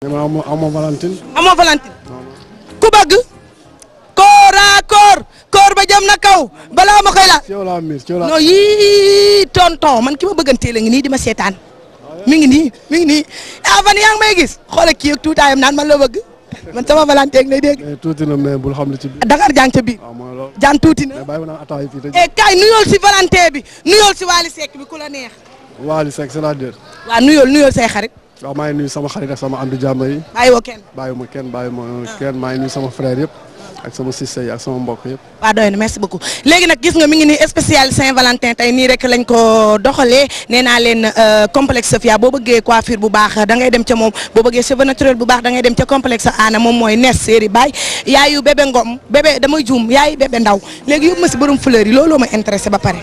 dama amoo amoo Valentine. amoo Valentine. ku bëgg. kooraa koor koor ba jëm na kaw balaa ma koy laal. ci yow laa miir man ki ma bëggantee la ngi nii di ma seetaan mi ngi nii mi ngi nii ah fan yaa ngi may gis xoolal kii ak tuutaayam naan man la bëgg. man sama Valentine lay dégg. Eh, tuuti na mais bul xam li ci biir. Dakar jàng ah, jaan tuuti na. mais kay eh, nuyool si Valentine bi nuyool si Waly Seck bi ku la neex. Waly Seck c'est-à-dire. waaw xarit. waaw maa ngi nuyu sama xarit ak sama andu jàmm yi. bàyyiwoo kenn bàyyiwuma kenn bàyyiwuma kenn sama frère yëpp. ak sama siste yi ak sama mbokk yëpp. waaw doy na merci beaucoup léegi nag gis nga mi ngi nii spécial Saint-Valentin tey nii rek lañ ko doxalee nee naa leen euh, complexe Sofia boo bëggee coiffure bu baax da ngay dem ca moom boo bëggee cheveux naturel bu baax da ngay dem ca complexe Anna moom mooy nees séeri baay yaayu bébé Ngom bébé damay juum yaayu bébé ndaw léegi yóbbu ma si yi looloo ma intéressé ba pare